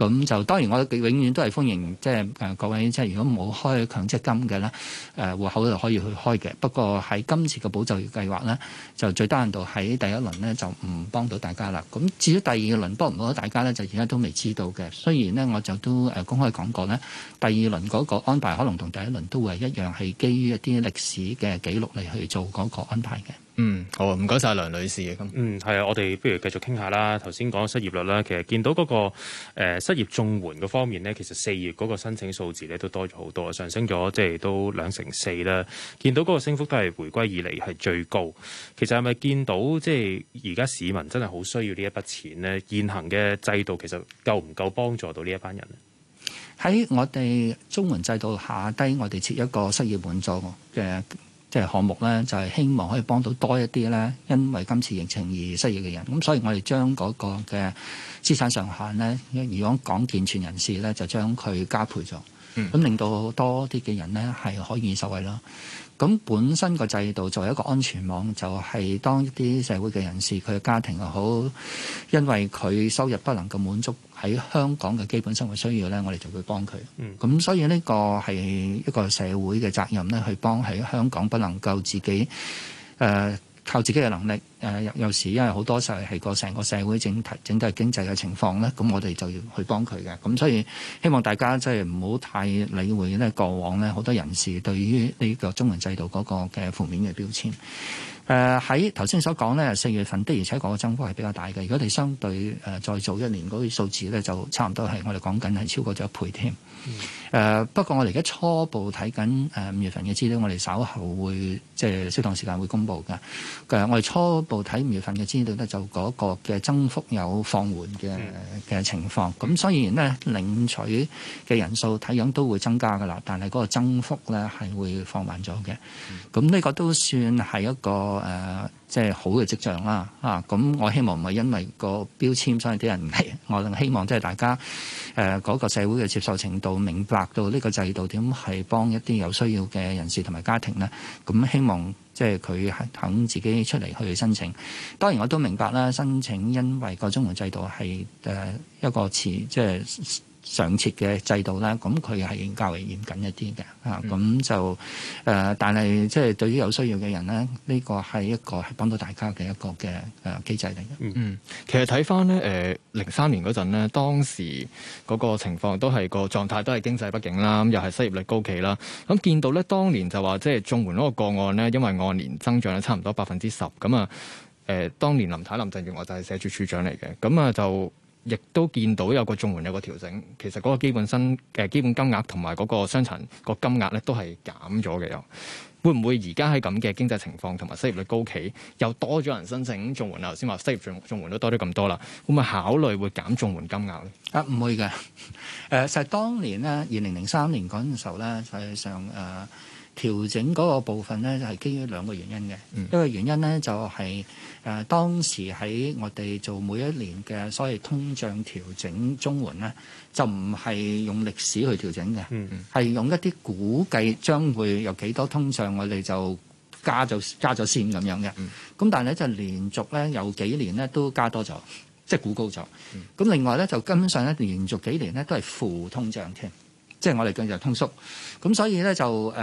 咁就當然，我永遠都係歡迎即係誒、呃、各位。即係如果冇開強積金嘅咧，誒、呃、戶口就可以去開嘅。不過喺今次嘅保就業計劃咧，就最低限度喺第一輪咧就唔幫到大家啦。咁至於第二輪幫唔幫到大家咧，就而家都未知道嘅。雖然咧，我就都誒公開講過咧，第二輪嗰個安排可能同第一輪都係一樣，係基於一啲歷史嘅記錄嚟去做嗰個安排嘅。嗯，好啊，唔該晒梁女士。咁嗯，係啊，我哋不如繼續傾下啦。頭先講失業率啦，其實見到嗰個、那個、呃、失業綜援嘅方面呢，其實四月嗰個申請數字咧都多咗好多，上升咗即係都兩成四啦。見到嗰個升幅都係回歸以嚟係最高。其實係咪見到即係而家市民真係好需要呢一筆錢呢，現行嘅制度其實夠唔夠幫助到呢一班人咧？喺我哋綜援制度下低，我哋設一個失業援助嘅。呃即係項目咧，就係、是、希望可以幫到多一啲咧，因為今次疫情而失業嘅人。咁、嗯、所以我哋將嗰個嘅資產上限咧，如果講健全人士咧，就將佢加倍咗。咁、嗯、令到多啲嘅人呢，係可以受惠咯。咁本身個制度作為一個安全網，就係、是、當一啲社會嘅人士佢嘅家庭又好，因為佢收入不能夠滿足喺香港嘅基本生活需要呢，我哋就會幫佢。咁、嗯、所以呢個係一個社會嘅責任呢，去幫喺香港不能夠自己誒。呃靠自己嘅能力誒、呃，有時因為好多時係個成個社會整體整體經濟嘅情況咧，咁我哋就要去幫佢嘅咁，所以希望大家即係唔好太理會咧。過往咧好多人士對於呢個綜援制度嗰個嘅負面嘅標籤誒，喺頭先所講咧，四月份的而且確嘅增幅係比較大嘅。如果你相對誒、呃、再做一年嗰啲數字咧，就差唔多係我哋講緊係超過咗一倍添。誒，嗯、不過我哋而家初步睇緊誒五月份嘅資料，我哋稍後會即係適當時間會公布噶。嘅我哋初步睇五月份嘅資料咧，就嗰個嘅增幅有放緩嘅嘅情況。咁雖然咧領取嘅人數睇樣都會增加噶啦，但係嗰個增幅咧係會放慢咗嘅。咁呢個都算係一個誒。呃即係好嘅跡象啦，啊，咁我希望唔係因為個標籤，所以啲人唔係。我仲希望即係大家誒嗰、呃嗰個社會嘅接受程度，明白到呢個制度點係幫一啲有需要嘅人士同埋家庭咧。咁希望即係佢肯自己出嚟去申請。當然我都明白啦，申請因為個綜援制度係誒一個詞、呃、即係。上設嘅制度啦，咁佢係較為嚴謹一啲嘅嚇，咁就誒，但係即係對於有需要嘅人咧，呢個係一個幫到大家嘅一個嘅誒機制嚟嘅。嗯嗯，其實睇翻咧誒，零三年嗰陣咧，當時嗰個情況都係個狀態都係經濟不景啦，咁又係失業率高企啦。咁見到咧，當年就話即係綜援嗰個個案咧，因為按年增長咧差唔多百分之十，咁啊誒，當年林太林鄭月娥就係社署署長嚟嘅，咁啊就。亦都見到有個綜援有個調整，其實嗰個基本身嘅、呃、基本金額同埋嗰個傷殘個金額咧都係減咗嘅。又會唔會而家喺咁嘅經濟情況同埋失業率高企，又多咗人申請綜援，頭先話失業綜綜援都多咗咁多啦，會唔會考慮會減綜援金額咧？啊，唔會嘅。誒、呃，實、就、係、是、當年咧，二零零三年嗰陣時候咧，係上誒。呃調整嗰個部分咧，係基於兩個原因嘅。嗯、一個原因咧就係誒當時喺我哋做每一年嘅所謂通脹調整綜援咧，就唔係用歷史去調整嘅，係、嗯嗯、用一啲估計將會有幾多通脹，我哋就加就加咗先咁樣嘅。咁、嗯、但係咧就連續咧有幾年咧都加多咗，即係估高咗。咁、嗯、另外咧就根本上咧連續幾年咧都係負通脹添。即係我哋講就通縮，咁所以咧就誒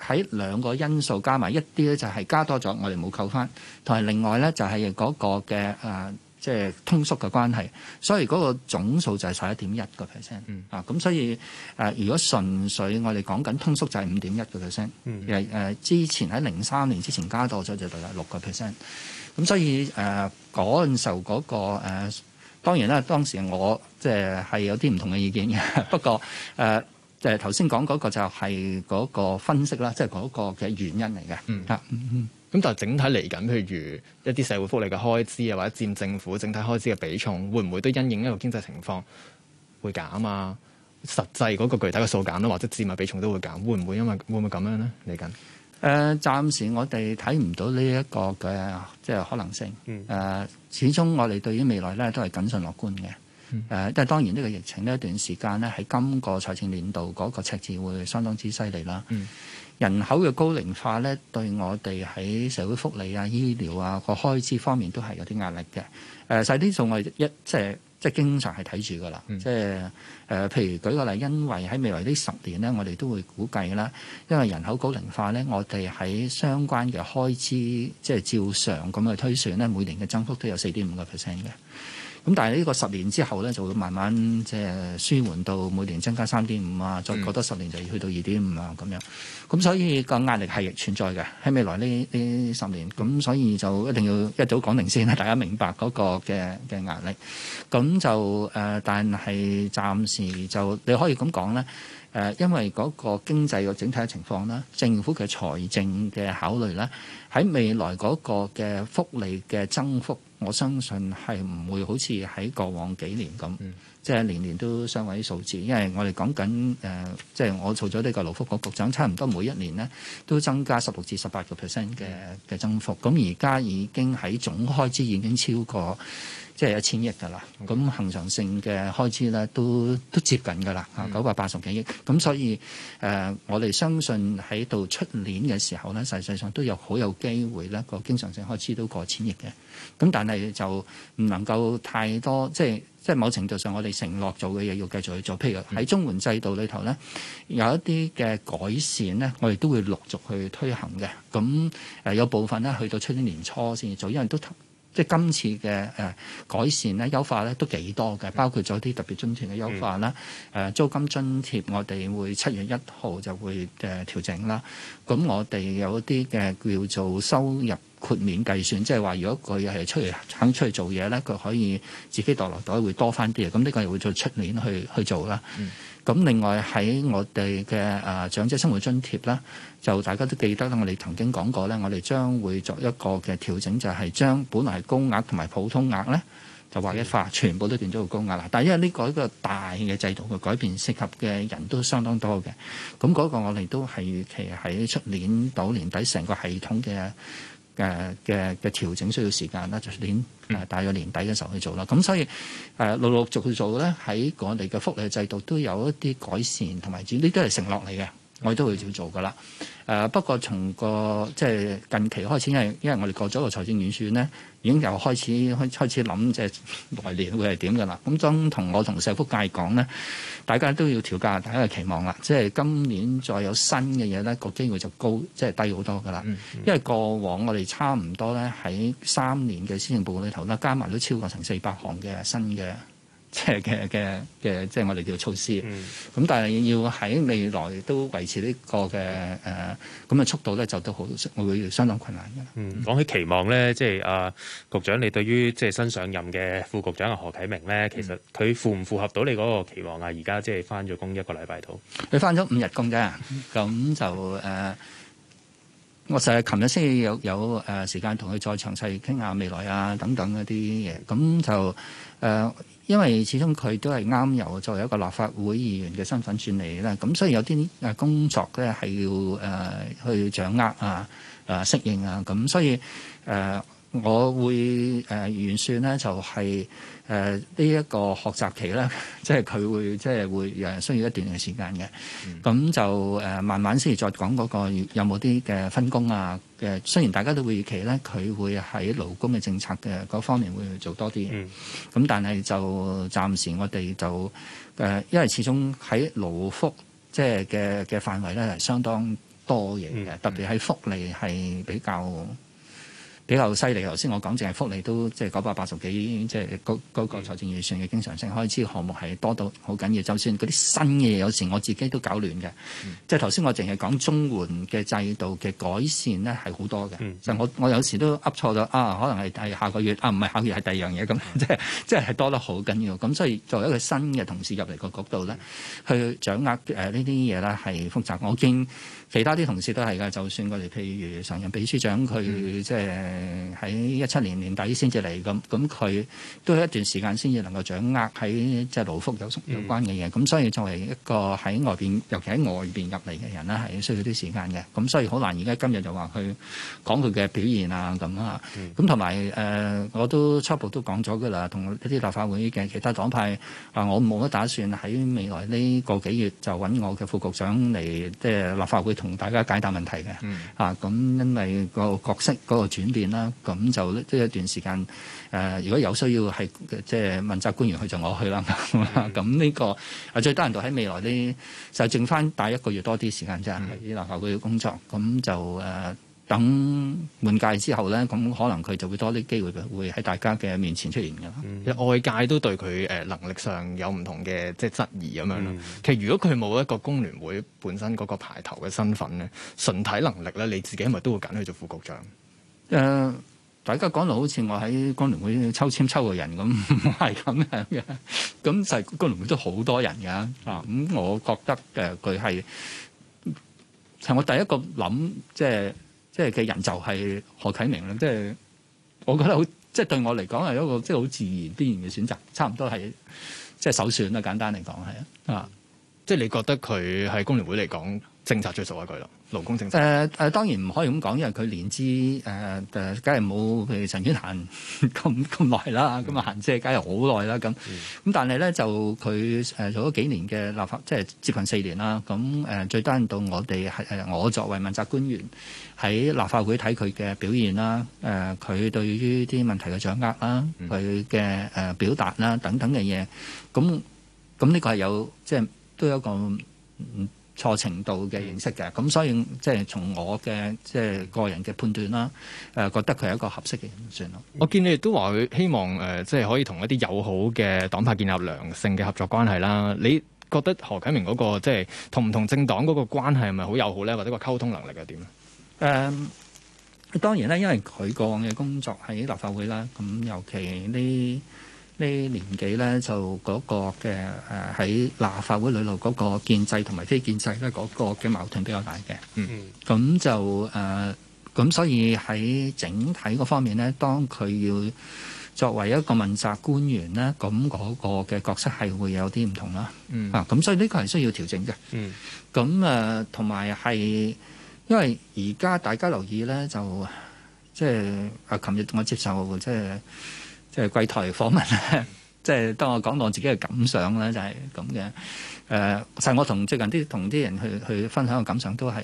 喺、呃、兩個因素加埋，一啲咧就係加多咗，我哋冇扣翻，同埋另外咧就係、是、嗰個嘅誒、呃，即係通縮嘅關係，所以嗰個總數就係十一點一個 percent，啊，咁所以誒、呃，如果純粹我哋講緊通縮就係五點一個 percent，誒之前喺零三年之前加多咗就係六個 percent，咁所以誒嗰陣時候嗰、那個誒、呃，當然啦，當時我即係係有啲唔同嘅意見嘅，不過誒。呃就係頭先講嗰個就係嗰個分析啦，即係嗰個嘅原因嚟嘅、嗯嗯。嗯。咁但係整體嚟緊，譬如一啲社會福利嘅開支啊，或者佔政府整體開支嘅比重，會唔會都因應一個經濟情況會減啊？實際嗰個具體嘅數減咯，或者佔嘅比重都會減，會唔會因為會唔會咁樣咧嚟緊？誒，暫時我哋睇唔到呢一個嘅即係可能性。嗯。呃、始終我哋對於未來咧都係謹慎樂觀嘅。誒，但係、嗯、當然呢個疫情呢一段時間咧，喺今個財政年度嗰個赤字會相當之犀利啦。人口嘅高齡化咧，對我哋喺社會福利啊、醫療啊個開支方面都係有啲壓力嘅。誒、呃，所以呢啲數我哋一即係即係經常係睇住噶啦，嗯、即係。誒、呃，譬如舉個例，因為喺未來呢十年呢，我哋都會估計啦，因為人口高齡化呢，我哋喺相關嘅開支，即係照常咁去推算呢，每年嘅增幅都有四點五個 percent 嘅。咁但係呢個十年之後呢，就會慢慢即係舒緩到每年增加三點五啊，再過多十年就要去到二點五啊，咁樣。咁所以個壓力係存在嘅，喺未來呢呢十年。咁所以就一定要一早講定先啊，大家明白嗰個嘅嘅壓力。咁就誒、呃，但係暫時。而就你可以咁講咧，誒、呃，因為嗰個經濟嘅整體情況啦，政府嘅財政嘅考慮啦，喺未來嗰個嘅福利嘅增幅，我相信係唔會好似喺過往幾年咁，嗯、即係年年都雙位數字。因為我哋講緊誒，即、呃、係、就是、我做咗呢個勞福局局長，差唔多每一年呢都增加十六至十八個 percent 嘅嘅增幅。咁而家已經喺總開支已經超過。即係一千億噶啦，咁恒 Okay. 常性嘅開支咧都都接近噶啦，嗯、九百八十幾億。咁所以誒、呃，我哋相信喺到出年嘅時候咧，實際上都有好有機會咧、那個經常性開支都過千億嘅。咁但係就唔能夠太多，即係即係某程度上，我哋承諾做嘅嘢要繼續去做。譬如喺綜援制度裏頭咧，有一啲嘅改善咧，我哋都會陸續去推行嘅。咁誒有部分咧，去到出年年初先做，因為都。即係今次嘅誒改善咧、優化咧都幾多嘅，包括咗啲特別津貼嘅優化啦。誒、嗯、租金津貼我哋會七月一號就會誒調整啦。咁我哋有一啲嘅叫做收入豁免計算，即係話如果佢係出嚟肯出嚟做嘢咧，佢可以自己墮落袋會多返啲。咁呢個又會再出年去去做啦。嗯咁另外喺我哋嘅誒長者生活津貼啦，就大家都記得啦，我哋曾經講過咧，我哋將會作一個嘅調整，就係將本來係高額同埋普通額咧，就劃一化，全部都變咗個高額啦。但係因為呢個一個大嘅制度嘅改變，適合嘅人都相當多嘅，咁嗰個我哋都係預期喺出年到年底成個系統嘅。嘅嘅嘅調整需要時間啦，就年大概年底嘅時候去做啦。咁所以誒、呃，陸陸續續做，咧，喺我哋嘅福利制度都有一啲改善同埋，呢啲都係承諾嚟嘅。我哋都會照做噶啦。誒、啊，不過從個即係近期開始，因為因為我哋過咗個財政預算咧，已經由開始開開始諗，即係來年會係點噶啦。咁當同我同社福界講咧，大家都要調價，大家嘅期望啦。即係今年再有新嘅嘢咧，個機會就高，即係低好多噶啦。嗯嗯、因為過往我哋差唔多咧喺三年嘅施政報告裏頭咧，加埋都超過成四百項嘅新嘅。即係嘅嘅嘅，即係我哋叫措施。咁、嗯、但係要喺未來都維持呢個嘅誒咁嘅速度咧，就都好會相當困難嘅。嗯，講起期望咧，即係啊局長，你對於即係新上任嘅副局長啊何啟明咧，其實佢符唔符合到你嗰個期望啊？而家即係翻咗工一個禮拜到。佢翻咗五日工啫，咁 就誒。呃我實係琴日先有有誒、呃、時間同佢再詳細傾下未來啊等等嗰啲嘢，咁就誒、呃，因為始終佢都係啱由作為一個立法會議員嘅身份轉嚟啦，咁所以有啲誒工作咧係要誒、呃、去掌握啊、誒、啊、適應啊，咁所以誒、呃，我會誒預算咧就係、是。誒呢一個學習期咧，即係佢會即係會誒需要一段嘅時間嘅。咁、嗯、就誒慢慢先再講嗰個有冇啲嘅分工啊嘅。雖然大家都會預期咧，佢會喺勞工嘅政策嘅嗰方面會做多啲。咁、嗯、但係就暫時我哋就誒，因為始終喺勞福即係嘅嘅範圍咧係相當多嘢嘅，嗯嗯、特別係福利係比較。比較犀利，頭先我講淨係福利都即係九百八十幾，即係嗰嗰個財政預算嘅經常性開支項目係多到好緊要。就算嗰啲新嘅嘢，有時我自己都搞亂嘅。嗯、即係頭先我淨係講綜援嘅制度嘅改善咧，係好多嘅。其、嗯、我我有時都噏錯咗啊，可能係下個月啊，唔係下個月係第二樣嘢咁，即係即係係多得好緊要。咁所以作為一個新嘅同事入嚟個局度咧，去掌握誒呢啲嘢咧係複雜。我見其他啲同事都係噶，就算我哋譬如常任秘書長佢即係。嗯嗯誒喺一七年年底先至嚟咁，咁佢都係一段時間先至能夠掌握喺即係勞福有熟有關嘅嘢，咁、嗯、所以作為一個喺外邊，尤其喺外邊入嚟嘅人咧，係需要啲時間嘅。咁所以好難，而家今日就話佢講佢嘅表現啊咁啊。咁同埋誒，我都初步都講咗噶啦，同一啲立法會嘅其他黨派啊，我冇乜打算喺未來呢個幾月就揾我嘅副局長嚟，即係立法會同大家解答問題嘅。嗯、啊，咁因為個角色嗰、嗰個轉變。啦，咁就都一段時間誒、呃。如果有需要，係即係問責官員，去就我去啦。咁呢、mm hmm. 這個啊，最低限度喺未來呢，就剩翻大一個月多啲時間啫。立法會工作咁就誒等換屆之後咧，咁可能佢就會多啲機會，會喺大家嘅面前出現噶。Mm hmm. 外界都對佢誒能力上有唔同嘅即係質疑咁樣咯。Mm hmm. 其實，如果佢冇一個工聯會本身嗰個排頭嘅身份咧，純睇能力咧，你自己係咪都會揀去做副局長？誒、呃，大家講到好似我喺工聯會抽籤抽個人咁，係咁樣嘅。咁就係工聯會都好多人嘅，啊，咁、嗯、我覺得誒佢係係我第一個諗，即係即係嘅人就係何啟明啦。即係我覺得好，即係對我嚟講係一個即係好自然必然嘅選擇，差唔多係即係首選啦。簡單嚟講係啊，即係你覺得佢喺工聯會嚟講？政策最熟悉佢咯，勞工政策。誒誒、呃，當然唔可以咁講，因為佢年資誒誒，梗係冇譬如陳婉嫻咁咁耐啦，咁啊即係梗係好耐啦咁。咁但係咧，就佢誒做咗幾年嘅立法，即、就、係、是、接近四年啦。咁誒、呃，最單到我哋係誒，我作為問責官員喺立法會睇佢嘅表現啦，誒、呃、佢對於啲問題嘅掌握啦，佢嘅誒表達啦等等嘅嘢。咁咁呢個係有即係、就是、都有一個。嗯錯程度嘅認識嘅，咁所以即係、就是、從我嘅即係個人嘅判斷啦，誒、呃、覺得佢係一個合適嘅人選咯。我見你亦都話佢希望誒，即、呃、係、就是、可以同一啲友好嘅黨派建立良性嘅合作關係啦。你覺得何啟明嗰、那個即係、就是、同唔同政黨嗰個關係係咪好友好咧，或者個溝通能力係點咧？誒、呃、當然啦，因為佢過往嘅工作喺立法會啦，咁尤其呢。年紀呢，年紀咧就嗰、嗰個嘅誒喺立法會裏路嗰個建制同埋非建制咧嗰個嘅矛盾比較大嘅，嗯，咁、嗯、就誒，咁、呃、所以喺整體嗰方面咧，當佢要作為一個問責官員咧，咁嗰個嘅角色係會有啲唔同啦，嗯、啊，咁所以呢個係需要調整嘅，嗯，咁誒同埋係因為而家大家留意咧，就即係啊，琴日我接受即係。即係櫃台訪問咧，即 係當我講到我自己嘅感想咧，就係咁嘅。誒、呃，其實我同最近啲同啲人去去分享嘅感想都係。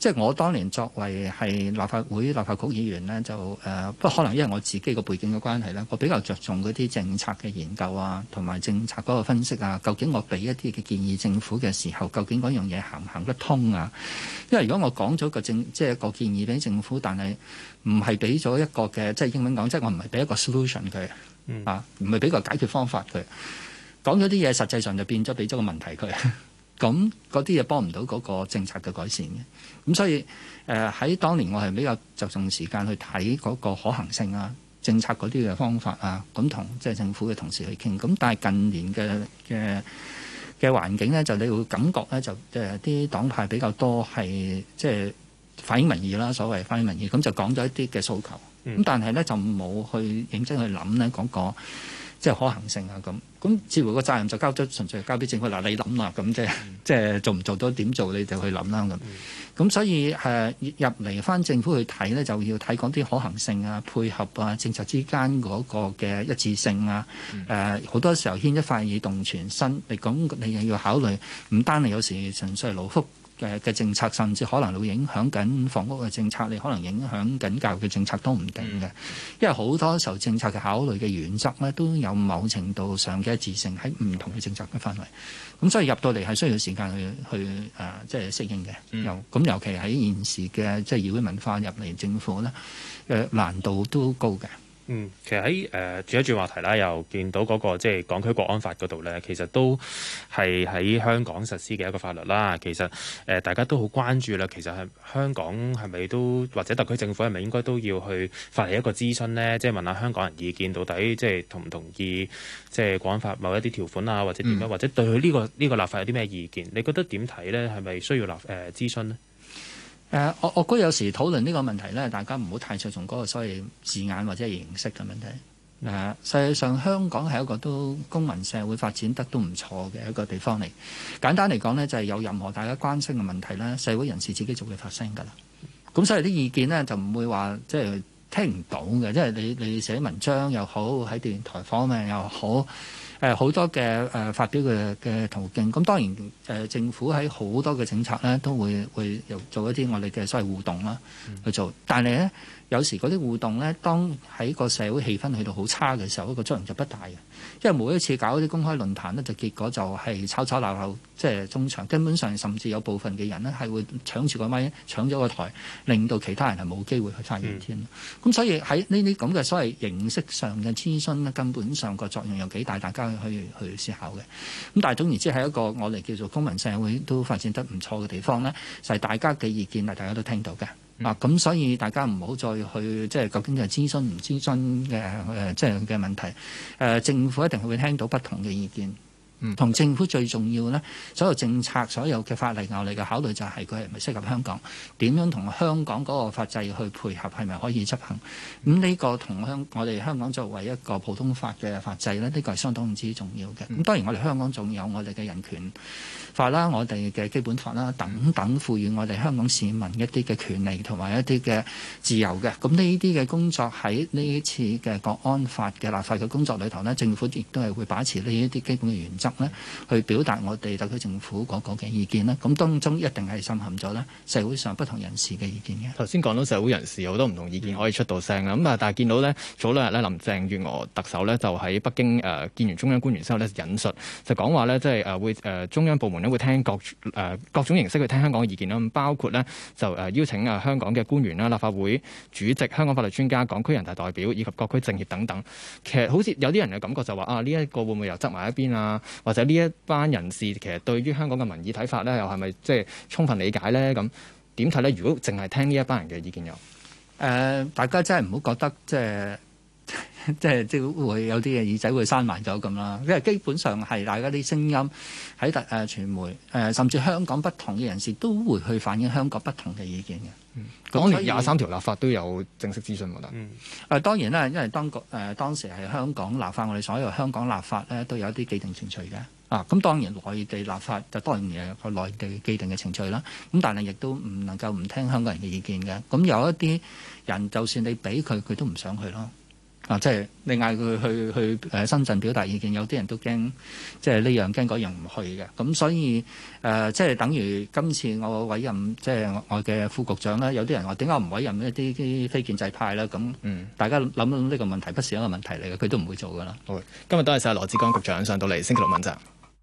即係我當年作為係立法會立法局議員呢，就誒，不過可能因為我自己個背景嘅關係呢，我比較着重嗰啲政策嘅研究啊，同埋政策嗰個分析啊。究竟我俾一啲嘅建議政府嘅時候，究竟嗰樣嘢行唔行得通啊？因為如果我講咗個政，即係個建議俾政府，但係唔係俾咗一個嘅，即係英文講，即係我唔係俾一個 solution 佢啊，唔係俾個解決方法佢。講咗啲嘢，實際上就變咗俾咗個問題佢。 咁嗰啲嘢幫唔到嗰個政策嘅改善嘅，咁所以誒喺、呃、當年我係比較着重時間去睇嗰個可行性啊，政策嗰啲嘅方法啊，咁同即係政府嘅同事去傾。咁但係近年嘅嘅嘅環境呢，就你會感覺呢，就誒啲、呃、黨派比較多係即係反映民意啦，所謂反映民意，咁就講咗一啲嘅訴求，咁、嗯、但係呢，就冇去認真去諗呢嗰個。即係可行性啊咁，咁似乎個責任就交咗，純粹交俾政府嗱，你諗啦咁，即係即係做唔做到點做，你就去諗啦咁。咁所以誒入嚟翻政府去睇呢，就要睇講啲可行性啊，配合啊政策之間嗰個嘅一致性啊。誒、呃、好多時候牽一髮而動全身，你講，你又要考慮唔單係有時純粹勞福嘅政策甚至可能會影響緊房屋嘅政策，你可能影響緊教育嘅政策都唔定嘅，因為好多時候政策嘅考慮嘅原則咧都有某程度上嘅一致性喺唔同嘅政策嘅範圍，咁、嗯、所以入到嚟係需要時間去去誒、呃，即係適應嘅。咁尤其喺現時嘅即係議會文化入嚟政府咧，誒、呃、難度都高嘅。嗯，其實喺誒轉一轉話題啦，又見到嗰、那個即係港區國安法嗰度咧，其實都係喺香港實施嘅一個法律啦。其實誒、呃、大家都好關注啦，其實係香港係咪都或者特區政府係咪應該都要去發起一個諮詢呢？即係問下香港人意見，到底即係同唔同意即係國安法某一啲條款啊，或者點樣，嗯、或者對佢、這、呢個呢、這個立法有啲咩意見？你覺得點睇咧？係咪需要立誒諮詢呢？誒、uh，我我覺得有時討論呢個問題呢，大家唔好太着重嗰個所謂字眼或者形式嘅問題。誒，實際上香港係一個都公民社會發展得都唔錯嘅一個地方嚟。簡單嚟講呢，就係、是、有任何大家關心嘅問題呢，社會人士自己就會發聲㗎啦。咁所以啲意見呢，就唔會話即係聽唔到嘅，即係你你寫文章又好，喺電台方面又好。誒好、呃、多嘅誒、呃、發表嘅嘅途徑，咁、嗯、當然誒、呃、政府喺好多嘅政策呢，都會會又做一啲我哋嘅所謂互動啦，去做。但係呢，有時嗰啲互動呢，當喺個社會氣氛去到好差嘅時候，一、那個作用就不大嘅。因為每一次搞啲公開論壇呢，就結果就係吵吵鬧鬧，即係中場，根本上甚至有部分嘅人呢，係會搶住個咪，搶咗個台，令到其他人係冇機會去發言添。咁、嗯嗯、所以喺呢啲咁嘅所謂形式上嘅諮詢呢，根本上個作用有幾大，大家。去去思考嘅，咁但係總而言之係一個我哋叫做公民社會都發展得唔錯嘅地方咧，就係、是、大家嘅意見，係大家都聽到嘅、嗯、啊，咁所以大家唔好再去即係、就是、究竟係諮詢唔諮詢嘅誒，即係嘅問題，誒、呃，政府一定會聽到不同嘅意見。同政府最重要咧，所有政策、所有嘅法例，我哋嘅考慮就係佢係咪適合香港？點樣同香港嗰個法制去配合，係咪可以執行？咁、嗯、呢、這個同香我哋香港作為一個普通法嘅法制咧，呢、這個係相當之重要嘅。咁、嗯、當然我我，我哋香港仲有我哋嘅人權法啦，我哋嘅基本法啦，等等，賦予我哋香港市民一啲嘅權利同埋一啲嘅自由嘅。咁呢啲嘅工作喺呢次嘅國安法嘅立法嘅工作裏頭咧，政府亦都係會保持呢一啲基本嘅原則。咧去表達我哋特區政府嗰個嘅意見咧，咁當中一定係滲含咗咧社會上不同人士嘅意見嘅。頭先講到社會人士有好多唔同意見可以出到聲啦。咁啊的，但係見到咧早兩日咧，林鄭月娥特首咧就喺北京誒見完中央官員之後咧引述就講話咧，即係誒會誒中央部門咧會聽各誒各種形式去聽香港嘅意見啦。咁包括咧就誒邀請啊香港嘅官員啦、立法會主席、香港法律專家、港區人大代表以及各區政協等等。其實好似有啲人嘅感覺就話啊，呢、這、一個會唔會又執埋一邊啊？或者呢一班人士其實對於香港嘅民意睇法咧，又係咪即係充分理解咧？咁點睇咧？如果淨係聽呢一班人嘅意見，又、呃？誒，大家真係唔好覺得即係即係即會有啲嘢耳仔會閂埋咗咁啦。因為基本上係大家啲聲音喺特誒傳媒誒、呃、甚至香港不同嘅人士都會去反映香港不同嘅意見嘅。嗯、當年廿三條立法都有正式諮詢㗎啦。誒、嗯、當然啦，因為當局誒、呃、當時係香港立法，我哋所有香港立法咧都有一啲既定程序嘅。啊，咁當然內地立法就當然有個內地既定嘅程序啦。咁但係亦都唔能夠唔聽香港人嘅意見嘅。咁有一啲人，就算你俾佢，佢都唔想去咯。啊！即係你嗌佢去去誒、呃、深圳表達意見，有啲人都驚，即係呢樣驚嗰樣唔去嘅。咁所以誒、呃，即係等於今次我委任即係我嘅副局長啦。有啲人話：點解唔委任一啲啲非建制派咧？咁，大家諗一諗呢個問題，不是一個問題嚟嘅。佢都唔會做㗎啦。好，今日多謝曬羅致光局長上到嚟星期六問責。